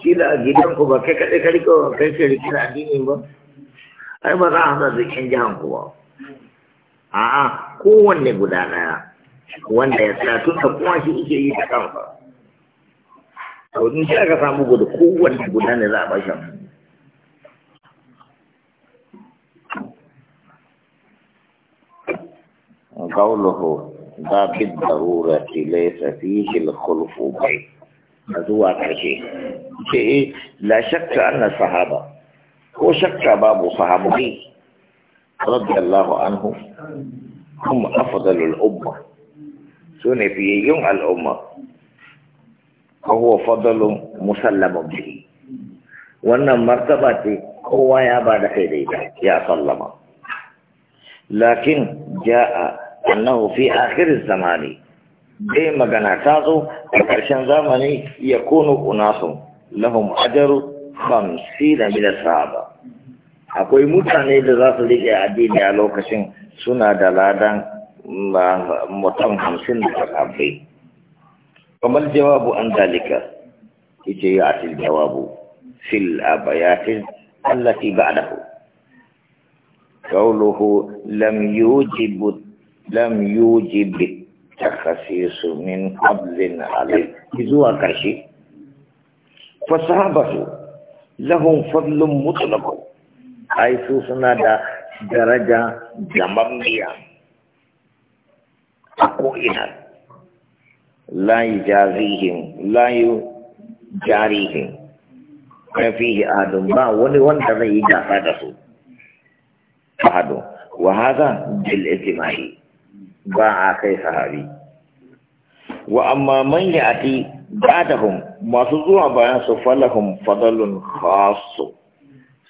kila a gidanku ba kai kaɗai kari ko kai ke rikin addini ba ai ba za a hada da kyan jihan ba a'a kowanne guda ɗaya wanda ya tsaya tun da kuma shi ike yi da kansa A in shi aka samu guda kowanne guda ne za a bashi قوله ذا بالضرورة ليس فيه الخلف بين مزوا تحكي شيء إيه؟ لا شك أن الصحابة هو شك باب صحابه رضي الله عنه هم أفضل الأمة سنة في يوم الأمة وهو فضل مسلم به وأن مرتبة هو يا بعد خيري يا صلما لكن جاء أنه في آخر الزمان dai eh, magana ta zo a ƙarshen zamani ya kunu unasu lahum ajaru hamsi da mila sahaba akwai mutane da za su riƙe addini a lokacin suna da ladan mutum hamsin da sahabbai kamar jawabu an dalika ita yi atil jawabu fil abayatin allati ba'dahu kauluhu lam yujib lam yujib takhasisu min hablin alaik zuwa karshe fa sahabatu lahum fadlun mutlaq ai su suna da daraja jamamiya a ko'ina la jaririn. jarihin la yi jarihin ba wani wanda zai yi gafa da su ba adon wa haza dil ba a kai sahabi wa amma man ya'ti ba'dahum masu zuwa bayan su falahum fadalun khassu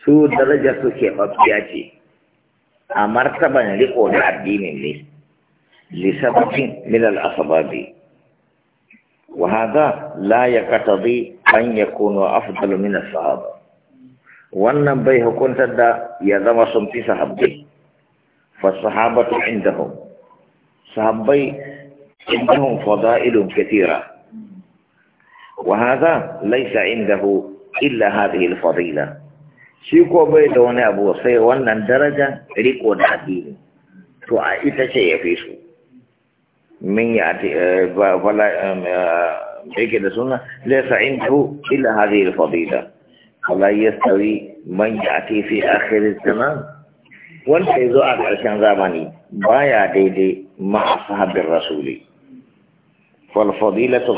su daraja su ke babiya ce a martaban riko da addinin ne lisababin min al-asbabi wa hada la yaqtadi an yakunu afdalu min as-sahaba wannan bai hukunta da ya zama sun fi sahabbai fa sahabatu indahum صحابي عندهم فضائل كثيرة وهذا ليس عنده إلا هذه الفضيلة شيكو بيد أبو سي وانا درجة ريكو دعدين تو أئت شيء يفيسو من يأتي فلا هيك السنة ليس عنده إلا هذه الفضيلة فلا يستوي من يأتي في آخر الزمان wanda ya zo a ƙarshen zamani ba ya daidai ma'a sahabin rasuli falfadilatul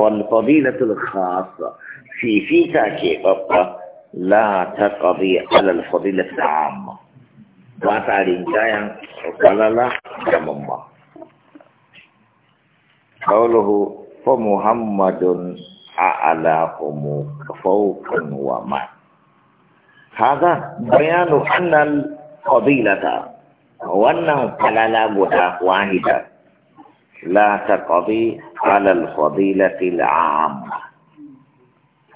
falfadilatul khassa fifita ke babba la ta ƙabi alal fadilatul amma ba ta rinjayen kalala da mamma ƙauluhu fa muhammadun a a'laqumu fawqan wa ma هذا bayanu annal قبيلتا وانه على لا بوتا واحدا لا تقضي على الفضيلة العامة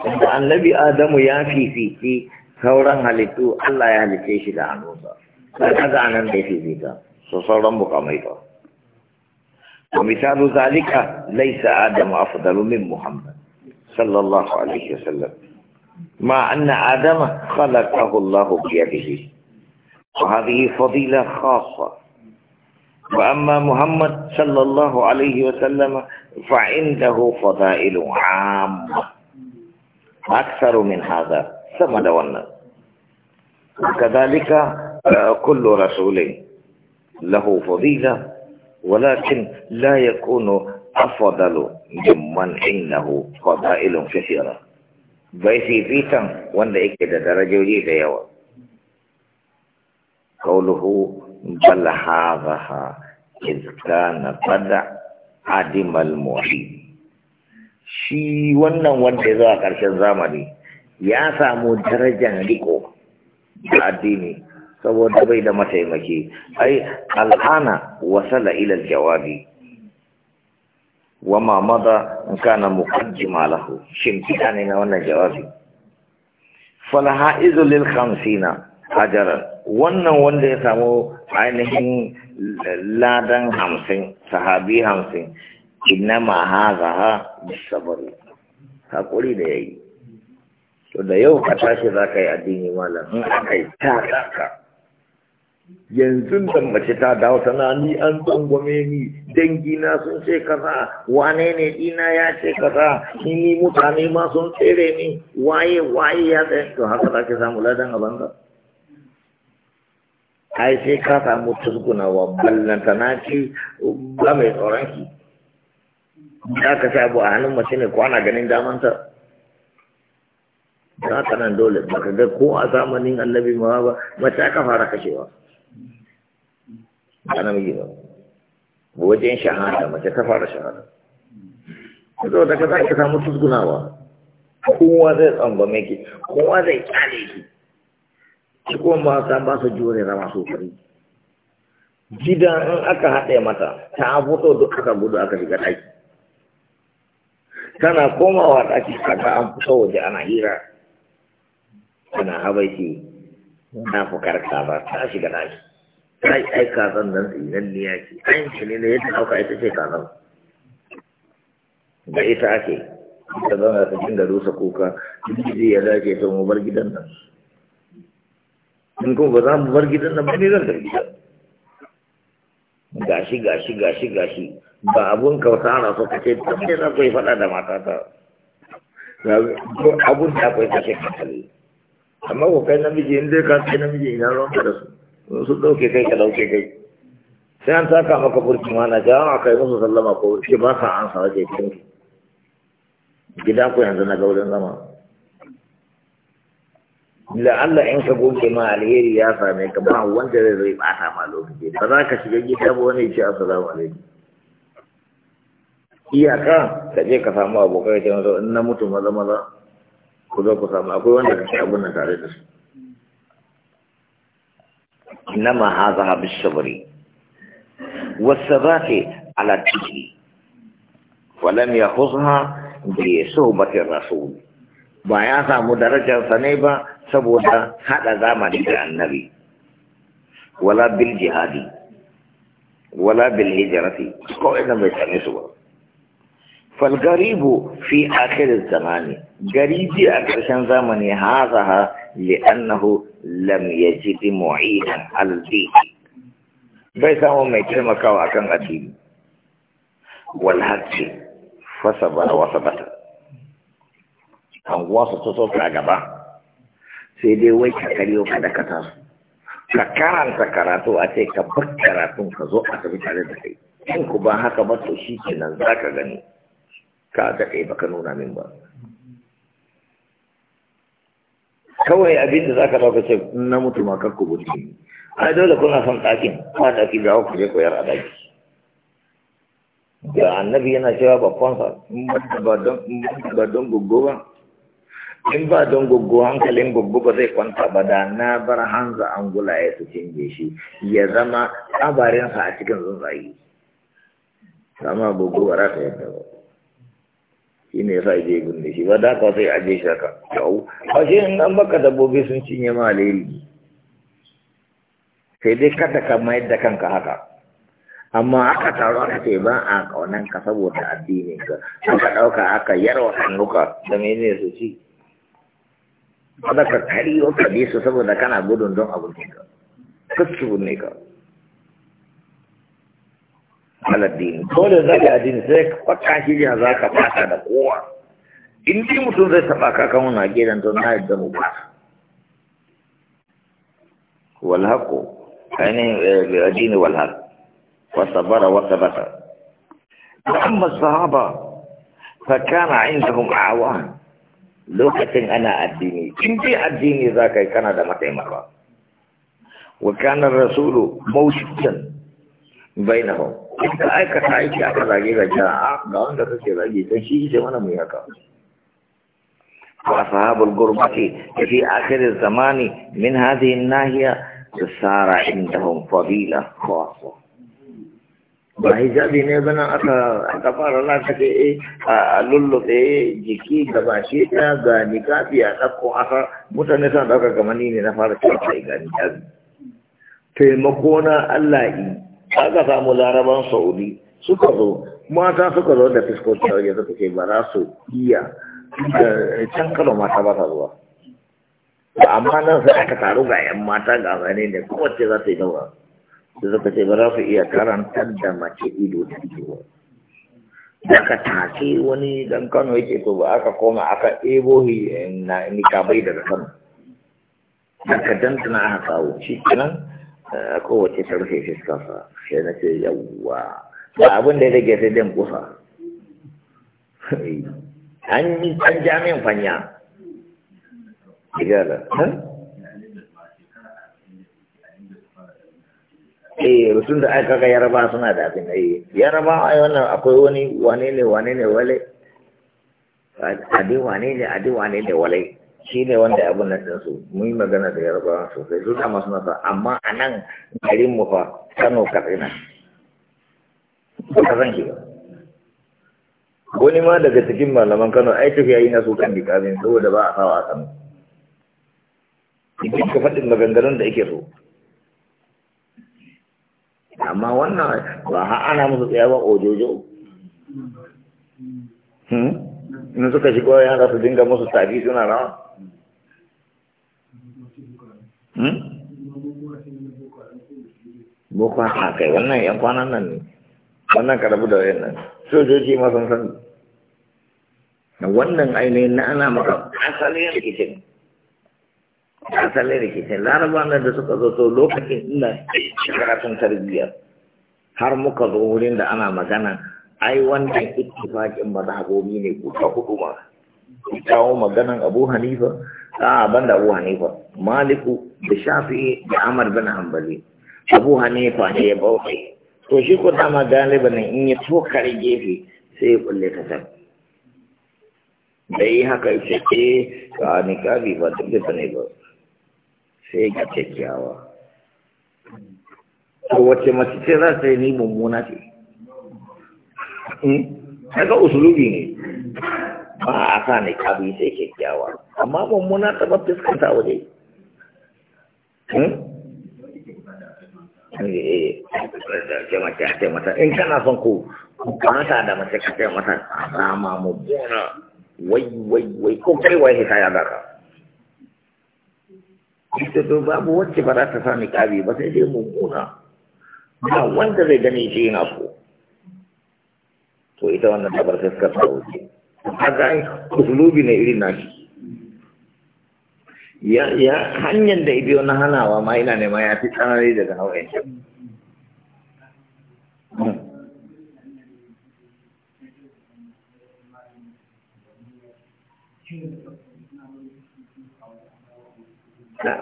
انت آدم يأتي في في في ثورا هلتو ألا يا هل تيشي لا فكذا عن ان في في ذا سصورا مقاميتا ومثال ذلك ليس آدم أفضل من محمد صلى الله عليه وسلم ما أن آدم خلقه الله بيده وهذه فضيلة خاصة وأما محمد صلى الله عليه وسلم فعنده فضائل عامة أكثر من هذا سمد والنس وكذلك آه، كل رسول له فضيلة ولكن لا يكون أفضل ممن عنده فضائل كثيرة بيسي فيتا وانا إكدا درجة جيدة يوم قوله بل هذا إذ كان قد عدم المحيط shi wannan wanda ya zo a zamani ya samu darajar riko da addini saboda bai da mataimaki ai al'ana wasala ila jawabi wa ma mada in kana muqaddima lahu shin ne na wannan jawabi falaha izul lil khamsina hajaran wannan wanda ya samu ainihin ladan hamsin sahabi hamsin inna ma ha bisabari hakuri da ya yi to da yau ka tashi za ka yi addini malam in aka yi ta ɗaka yanzu da mace ta dawo tana ni an tsangwame ni dangi na sun ce kaza wane ne dina ya ce kaza ni mutane ma sun tsere ni waye waye ya tsaye to haka za ki samu ladan a banza ai sai ka samu wa ballanta na ci ba mai tsoron ki Za ka sa abu a hannun mace ne ko ana ganin damanta za ka nan dole ka ga ko a zamanin annabi ma ba mace aka fara kashewa ba mai ba wajen shahada mace ta fara shahada da ka za ka samu tusgunawa kowa zai mai ki kowa zai kyale ki shi kuma mata ba su jure rama su kari Gidan in aka haɗe mata ta fito duk aka gudu aka shiga ɗaki tana komawa ɗaki kaga an fito waje ana hira tana habaiki na fukar kaza ta shiga ɗaki ai ai kazan nan nan ne yake ai shi ne na yadda auka ita ce kazan da ita ake ta zauna ta dinga rusa kuka jirgin ya dace ta mu bar gidan nan in kuma ba za mu bar gidan nan ba ne zan tafi gidan gashi gashi gashi gashi ba abun ka tsara so ka ce tun da za ku yi faɗa da matata abun da akwai kashe kakali amma ko kai namiji in dai ka kai namiji ina ruwan ka da su su ɗauke kai ka ɗauke kai sai an saka maka burki mana jawa a ah, kai musu sallama ko shi ba sa an sa gida ku yanzu na gaurin zama Allah in ka goge ma alheri ya same ka ba wanda zai zai bata ma lokaci ba za ka shiga gida ba wani ce assalamu alaikum iyaka ka je ka samu abokai ta yanzu in na mutu maza maza ku zo ku samu akwai wanda ka ci abin nan tare da su Na innama za habis sabri wasabati ala tiki walam yahuzha bi suhbati rasul ba ya samu darajar sa ne ba saboda hada zamani da annabi wala bil jihadi wala bil hijrati ko ina mai tsane su ba fal garibu fi akhir zamani garibi a ƙarshen zamani hazaha li'annahu lam yajid mu'inan al bai samu mai taimakawa akan addini wal haqqi fasabara wa sabata an wasu to a gaba sai dai wai ka karyo ka da su ka karanta karatu a ce ka bar karatun ka zo a tafi tare da kai in ku ba haka ba to shi kenan za ka gani ka ga kai ka nuna min ba kawai abin da za ka ka ce na mutu ma kakku burki ai dole kuna son ɗakin ba ɗaki da ku je koyar a ɗaki da annabi yana cewa babban sa ba don gugu ba in ba don goggo hankalin goggo ba zai kwanta ba da na bar hanza angula ya su cinye shi ya zama tsabarinsa a cikin tsuntsaye sama goggo ba za ta yadda ba shi ne sa je gunde shi ba da ka sai aje shi ka yau ba shi in an baka dabbobi sun cinye ma alheri sai dai kada ka mayar da kanka haka amma aka taro aka ce ba a kaunan saboda addinin ka aka ɗauka aka yarwa hannuka da mene su ci ba za ka kariyo ka bi su saboda kana gudun don abokin ka kasu ne ka aladdini dole za ka addini sai ka kwata shi ya za ka fata da kowa in ji mutum zai taɓa ka kan wani gidan to na yadda mu ba walhaƙo ainihin addini walhaƙ وصبر وثبت وأما الصحابة فكان عندهم أعوان lokacin ana addini in dai addini za ka yi kana da mataimaka wa kanar rasulu mawucutan bainahum in ka aikata aiki aka zage ga ja'a ga wanda kake zage don shi ce mana mu yi haka وأصحاب القربة في آخر الزمان من هذه الناحية صار عندهم فضيلة خاصة ba hijabi ne bana aka aka fara lata ke e eh, a lullube jiki gaba shi ta ga nikafi a ɗauko aka mutane ta ɗauka gama ni ne na fara cewa sai ga nikafi taimako na Allah yi aka samu laraban saudi suka zo mata suka zo da fiskoci a yanzu ce ba za su iya eh, can kano mata ba ta zuwa amma nan sai aka taru ga 'yan mata ga zane ne kowace za ta yi daura da suka ce ba za su iya karantar da mace ido da ido daga take wani dan kano yake to ba aka koma aka ebo na nikabai daga kano daga dantana aka kawo shi kenan eh, kowace ta rufe fiskarsa sai na ce yawwa ba abin da ya rage sai dan kusa an yi an jami'in fanya igala eh rutun da aka ga yaraba suna da abin eh yaraba ai wannan akwai wani wane ne wane ne wale adi wane ne adi wane ne wale shi ne wanda abin nan ɗinsu mun yi magana da yaraba sosai su da suna nasa. amma a nan garin mu fa kano katsina ba ki ba wani ma daga cikin malaman kano ai tafiya yi na so kan dikazin saboda ba a sawa a kano idan ka faɗin maganganun da ake so amma wannan ba ha ana musu tsaye ba ojojo hmm? in suka shigo yara su dinga musu tafi suna rawa hmm? boko a kai wannan yan kwanan nan ne wannan karabu da wayan nan sojoji masu sun san wannan ainihin na ana maka asalin rikicin asalin rikicin laraba nan da suka zo to lokacin ina karatun tarbiyya har muka zo wurin da ana magana ai wannan ittifaqin mazhabobi ne guda hudu ma kawo maganan Abu Hanifa a banda Abu Hanifa Maliku da Shafi'i da Ahmad bin Hanbali Abu Hanifa ne ya bauta to shi ko dama ne in ya kare gefe sai ya kulle ta can da yi haka ya ce eh ni nikabi ba duk da ne ba sai ga kyakkyawa to wace mace ce za ta yi ni mummuna ce daga hmm? usulubi ne ba a sa ne kabi sai kyakkyawa amma mummuna ta ba fuskanta waje hmm? eh, in kana son ku kamata da mace ka taimata a sama mummuna wai wai wai ko kai wai hikaya yi ka ita to babu wacce ba za ta sa kabi ba sai dai mummuna ba wanda zai gani shi yana Ko to ita wannan dabar fuskar ta wuce kaga usulubi ne irin nashi ya ya hanyar da ibiyo na hanawa ma ina nema ya fi tsanani daga hawayen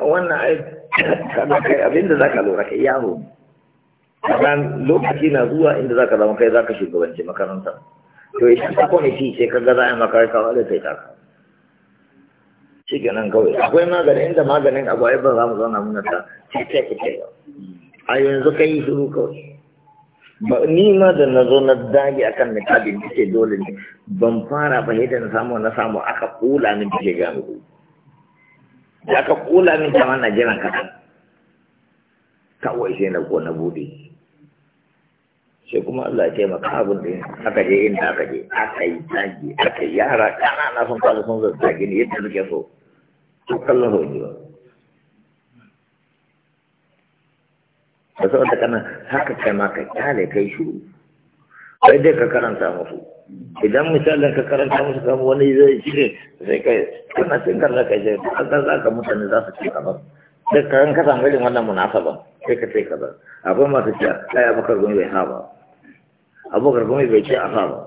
wannan ai kana kai ka zaka lura kai yaro dan lokaci na zuwa inda zaka zama kai zaka shugabanci makaranta to yi ta kone fi sai ka gaza a makaranta ka wala kai ka shi nan kawai akwai maganin inda maganin abu ai ba za mu zauna muna ta cikin kai yau a yanzu ka yi shiru kawai ba ni ma da na zo na dage akan niqabin ce dole ne ban fara ba yadda na samu na samu aka kula min take gami da aka kula min ta wannan jiran kasa kawai sai na ko na bude sai kuma Allah ya taimaka abin da aka je inda aka je aka yi tagi aka yi yara na sun kwallo sun zazzage ne yadda suke so to kallon hoji ba da saboda kana haka kai ma ka kyale kai shuru sai dai ka karanta musu idan misalin ka karanta musu kama wani zai shirin sai kai kana cin karna kai sai kasar za ka mutane za su ci kabar da karan kasa samu irin wannan munasaba sai ka sai kaza abin masu ce kai abokar gumi bai haba abokar gumi bai ce a haba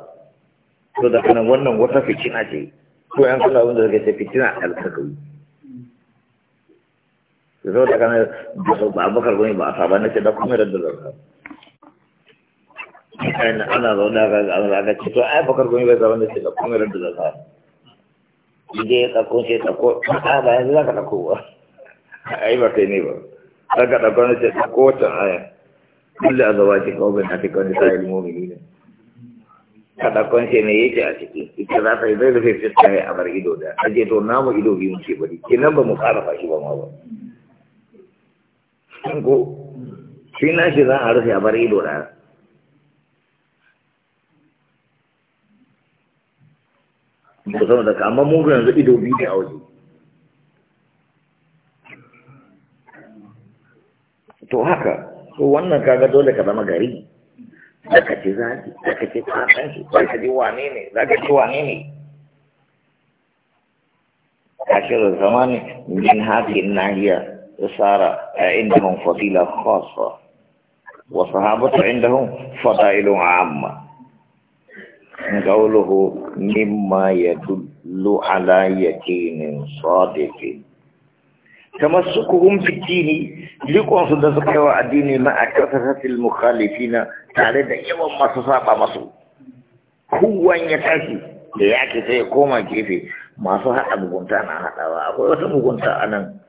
to da kanan wannan wata fitina ce ko yan kula wanda zai ce fitina alkakawi da zo da kanan da abokar gumi ba a saba na ce da kuma yadda zarka mutane ana zaune ga ga ga ce to ai bakar gumi bai zaune ce da kuma ran da zaka idan ya tsako ce tsako a ba yanzu zaka tsako ba ai ba kai ne ba zaka tsako ne ce tsako wata aya kullu azwaji ka ubin ati kan ta ilmu mu'minin ka tsako ce me yake a ciki ita za ta yi zai rufe fiska ne a bar ido da aje to namu ido biyu muke bari kenan ba mu fara fashi ba ma ba ko na shi za a rufe a bar ido da ba sama da amma mugu yanzu ido biyu ne a waje to haka to wannan kaga dole ka zama gari za ka ce zaki za ka ce kasan shi za ka ji wane ne za ka ji wane ne ashirin zamani min hakin nahiya tsara a indahun fadila khasa wasu habata indahun fadailun amma qawluhu mimma yadullu ala yaqinin sadiqin tamassukuhum fi dini liqon su da suka wa addini ma akathatil mukhalifina tare da yawan masu saba masu kuwan ya tafi da yake sai koma gefe masu hada mugunta na haɗawa, akwai wata mugunta anan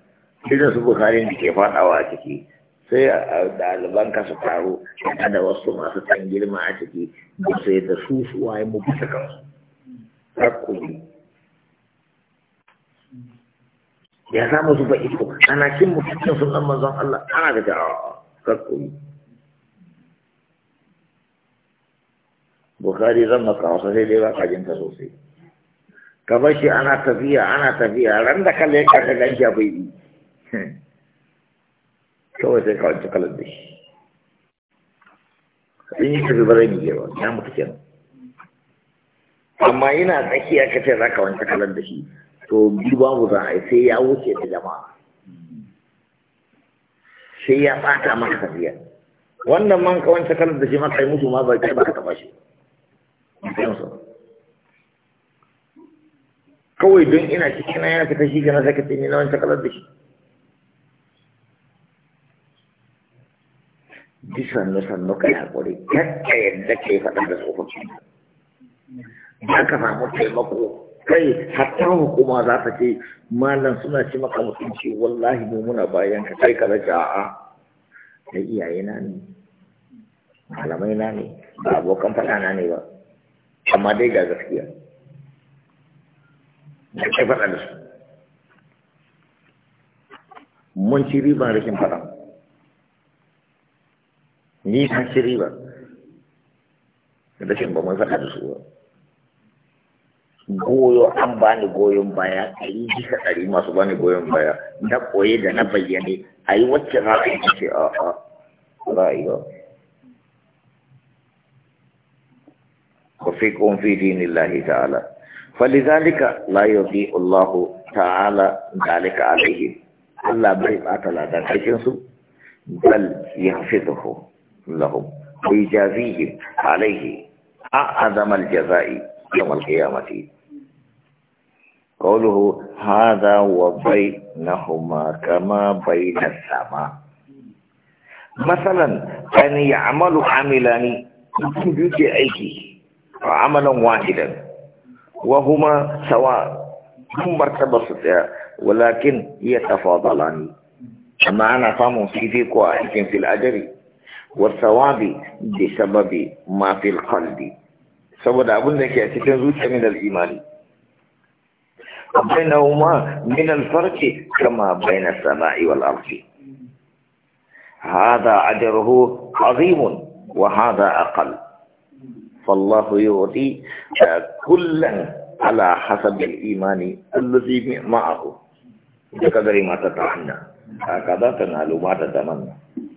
idan su bukarin da ke fadawa a ciki sai ɗaliban ka su taro yana da wasu masu ɗan girma a ciki da sai da su su waye mu bisa kansu hakkuli ya samu su ba iko ana cin mutuncin sun ɗan manzon Allah ana da jawa hakkuli Bukhari zan maka wasu sai dai ba kajinta sosai ka bar shi ana tafiya ana tafiya ran da kalle ka ga ganshi bai yi kawai sai kawai ta kalar da shi in yi tafi ba zai yi yawa ya mutu kenan amma yana tsakiya ka ce za ka wanke kalar da shi to biyu babu za a yi sai ya wuce da jama'a sai ya ɓata maka tafiya wannan man ka wanke kalar da shi maka yi musu ma ba ka taɓa shi kawai don ina cikin yana fita shi gana sakace ne na wanke kalar da shi ji sannu sannu kai haƙuri kakka yadda ke faɗa da tsofaffi haka ka samu taimako kai hatta hukuma za ta ce malam suna ci maka mutunci wallahi mu muna bayan ka kai ka rage a'a iyaye na ne malamai na ne ba abokan faɗa na ne ba amma dai ga gaskiya na kai faɗa da su mun ci riban rikin faɗa ni ban shiri ba rashin ba mun goyo an bani goyon baya ɗari bisa ɗari masu bani goyon baya na koye da na bayyane a yi wacce za a yi ce a a za a yi fi ƙunfi dinillahi ta'ala falizalika la yubi Allah ta'ala dalika alaihi Allah bai bata ladakarkin su bal yahfizuhu لهم ويجازيهم عليه أعظم الجزاء يوم القيامة قوله هذا وبينهما كما بين السماء مثلا أن يعمل عملان يوجد أيدي عملا واحدا وهما سواء هم مرتبة ولكن يتفاضلان أما أنا فاهم في ذيك في الأجر والثواب بسبب ما في القلب سبب أبن ذلك يتكن من الإيمان بينهما من الفرق كما بين السماء والأرض هذا أجره عظيم وهذا أقل فالله يعطي كلا على حسب الإيمان الذي معه بقدر ما تتعنى هكذا تنال ما تتمنى